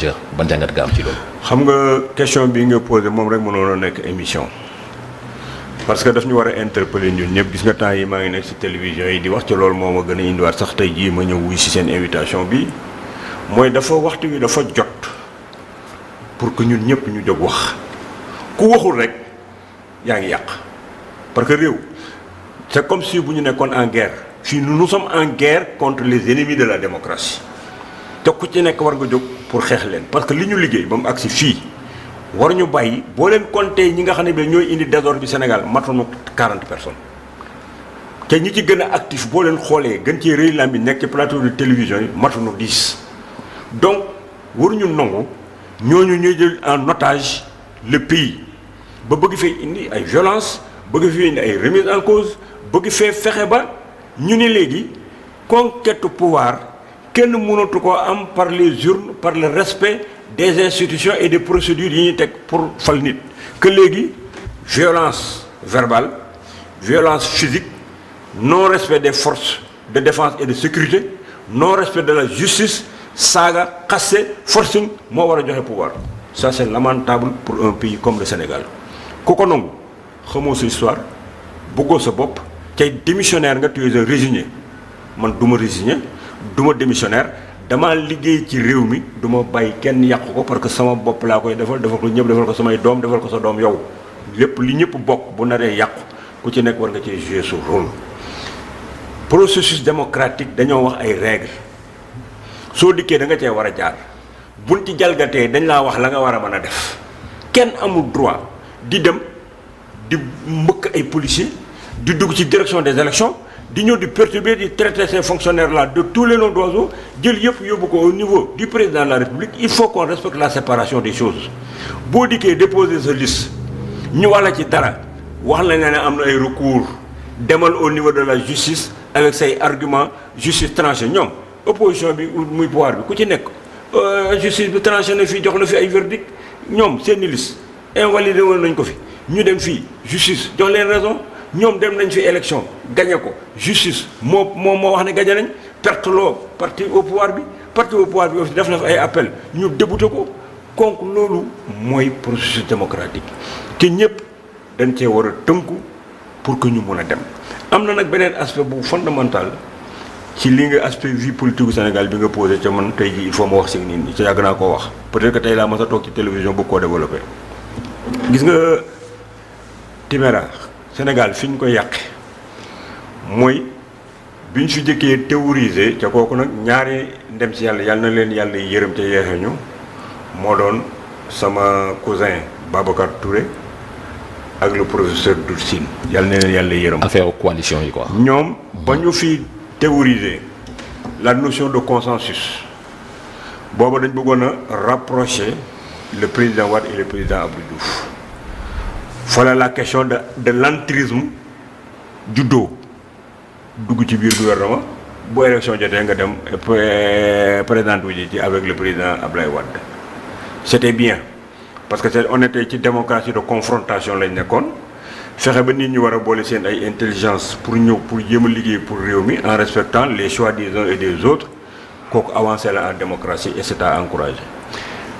majeur ban jàngat nga am ci loolu. xam nga question bi nga posé moom rek mënoon a nekk émission parce que daf ñu war a interpeller ñun ñëpp gis nga temps yi maa ngi nekk ci télévision yi di wax ci loolu moo ma gën a indiwaat sax te jii ma ñëw wuy ci seen invitation bi mooy dafa waxtu wi dafa jot pour que ñun ñëpp ñu jóg wax ku waxul rek yaa ngi yàq parce que réew c'est comme si bu ñu nekkoon en guerre. fii nu nous sommes en guerre contre les ennemis de la démocratie te ku ci nekk war nga pour xeex parce que liñu ñu liggéey ba mu agsi fii war ñu bàyyi boo ñi nga xam ne bi indi désordre bi Sénégal matunu 40 personnes te ñi ci gëna actif bo len xolé gën ci reuy lambi nek ci plateau de télévision matunu 10 donc warñu nongo ñooñu ñoy jël en otage le pays ba bëgg fi indi ay violence bëgg fi indi ay remise en cause bëgg fi fexé ba ñu ni légui conquête pouvoir que nous koo am par les urnes par le respect des institutions et des procédures d'unité pour FALNIT que les violence verbale violence physique non respect des forces de défense et de sécurité non respect de la justice saga, cassé, forcing je pouvoir ça c'est lamentable pour un pays comme le Sénégal Quand on histoire sa démissionnaire tu résigné man suis du ma démissionnaire damaa liggéey ci réew mi du ma bàyyi kenn yàq ko parce que sama bopp laa koy defal defal ko ñëpp defal ko samay doom defal ko sa doom yow lépp li ñëpp bokk bu naree yàqu ku ci nekk war nga cee jouer su rôle processus démocratique dañoo wax ay règles soo dikkee da nga cee war a jaar buñ ci jalgatee dañ laa wax la nga war a mën a def kenn amul droit di dem di mbëkk ay policiers di dugg ci direction des élections Nous devons perturber di traiter ces fonctionnaires là de tous les noms d'oiseaux au niveau du président de la république il faut qu'on respecte la séparation des choses Si dikkee déposer ce liste Nous, wala ci dara wax la recours au niveau de la justice avec ces arguments justice tranche. Nous, opposition bi muy pouvoir bi euh, justice tranchée, nous verdict c'est liste invalidé on nañ ko fi ñu dem justice raison ñoom dem nañ fi élection gagné ko justice moo moom moo wax ne gagné nañ perte loo parti au bi parti au pouvoir bi aussi def na fi ay appel ñu débouté ko konk loolu mooy processus démocratique te ñëpp dañ cee war a tënku pour que ñu mun a dem. am na nag beneen aspect bu fondamental ci li nga aspect vie politique gu Sénégal bi nga posé ca man tey jii il faut ma wax si nii ñi ca yàgg naa koo wax peut te que tey laa mas a toog ci télévision bu koo développé gis nga Timéra. Sénégal fi ñu ko yàqe mooy bi ñu si jëkkee théoriser ca kooku nag ñaari ndem si yàlla yàlla na leen yàlla yërëm ca yeexe ñu moo doon sama cousin Babacar Touré ak le professeur Doudou Sine yàlla na leen yàlla yërëm. affaire coalition yi quoi. ñoom ba ñu fi théoriser la notion de consensus booba dañ bëggoon a rapprocher le président Wade et le président Abdou Diouf voilà la question de de l'entrisme du du ci du gouvernement Pour l'élection de nga dem eh, eh, avec le président Ablaye Wad. c'était bien parce que on était une démocratie de confrontation Faire nekkoon fexe nous ñi intelligence pour nous pour nous pour réew en respectant les choix des uns et des autres pour avancer la démocratie et c'est à encourager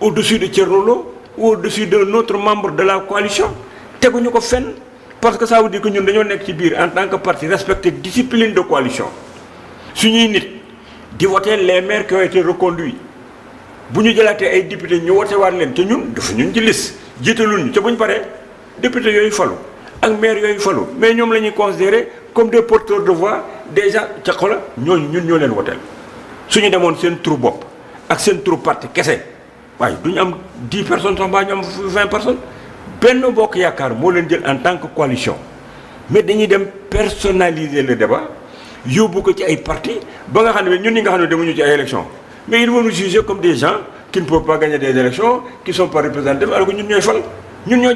au-dessus de Tchernolo ou au-dessus d'un autre membre de la coalition teguñu ko fenn parce que ça veut dire que ñun dañoo nekk ci biir en tant que parti respecter discipline de coalition suñuy nit di voter les maires qui ont été reconduits bu ñu jëlaatee ay député ñu wote waat leen te ñun dafa ñun ci liste jiitaluñu te bu ñu député yooyu falu ak maire yooyu falu mais nous la considérer considéré comme des porteurs de voix déjà ca xola ñooñu ñun ñoo leen woteel suñu demoon seen trou bopp ak seen trou parti kese oui, nous avons 10 personnes nous avons 20 personnes benn bokk yaakaar nous leen en tant que coalition mais nous dem personnaliser le débat Nous avons ci ay partis. ba nga xam élections mais ils vont nous juger comme des gens qui ne peuvent pas gagner des élections qui ne sont pas représentés. alors que nous ñooy fal ñun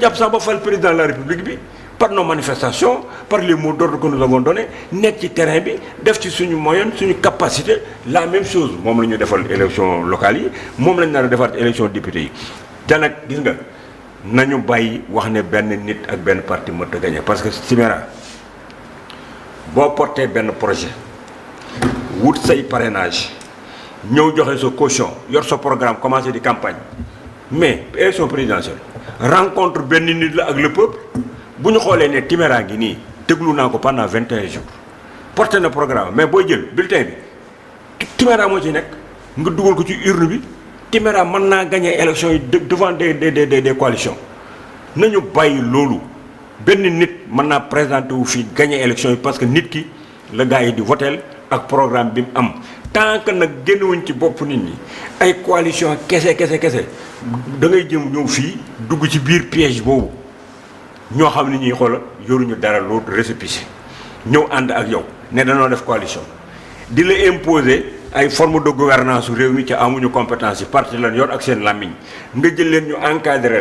président de la république par nos manifestations par les mots d'ordre que nous avons donné nekk ci terrain bi def ci suñu sur suñu capacité la même chose moom la ñu faire élection locale yi je lañ nar a députée. élection député yi te nag gis nga nañu bàyyi wax ne benn nit ak partie, parti gagner. parce que Simera vous porté un projet wut say parrainage nous joxe sa caution yor sa programme commencé des campagnes, mais élection présidentielle rencontre benn nit la le peuple bu ñu xoolee ne Timéra gi nii déglu naa ko pendant 21 jours porté na programme mais booy jël bulletin bi Timéra moo ci nekk nga dugal ko ci urne bi Timéra mën naa gagné élection yi devant des des des des coalitions nañu bàyyi loolu benn nit mën naa présenté wu fii gagné élection yi parce que nit ki la gars yi di voteel ak programme bi mu am tant que nag génnewuñ ci bopp nit ñi ay coalition kese kese kese da ngay jëm ñëw fii dugg ci biir piège boobu Nous xam nous ñuy xool yoruñu dara lu récépissé ñëw ànd ak yow ne def coalition di la imposer ay forme de gouvernance su réew mi amuñu compétence yi parti lan yor ak seen nga jël ñu encadré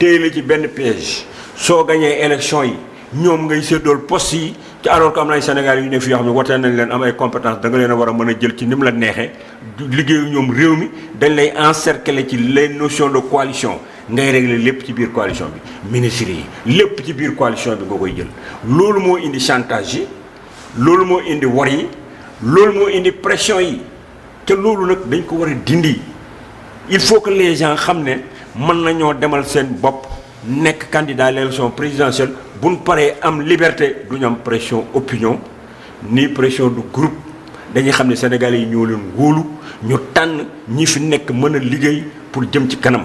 la ci benn piège soo élection yi ngay poste yi ci alors que am Sénégal yu ne fi ne nañ am ay compétence da la dañ les notions de coalition ngay régler lépp ci biir coalition bi ministres yi lépp ci biir coalition bi nga koy jël loolu moo indi chantage yi loolu moo indi wor yi loolu moo indi pression yi te loolu nag dañ ko war a dindi il faut que les gens xam ne mën nañoo demal seen bopp nekk candidat à l'élection présidentielle buñ paree am liberté duñu am pression opinion ni pression du groupe dañuy xam ne sénégalais yi ñoo leen wóolu ñu tànn ñi fi nekk mën a liggéey pour jëm ci kanam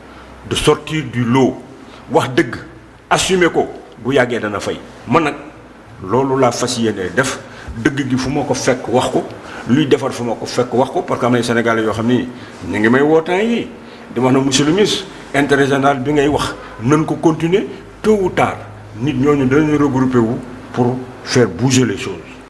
de sortir du lot wax deug assumer ko bu yàggee dana fay man nak la fasiyene def deug gi wax ko luy defar wax ko parce que les Sénégalais yo xamni ni ngi may yi le ministre bi continuer tôt ou tard nit allons nous regrouper pour faire bouger les choses.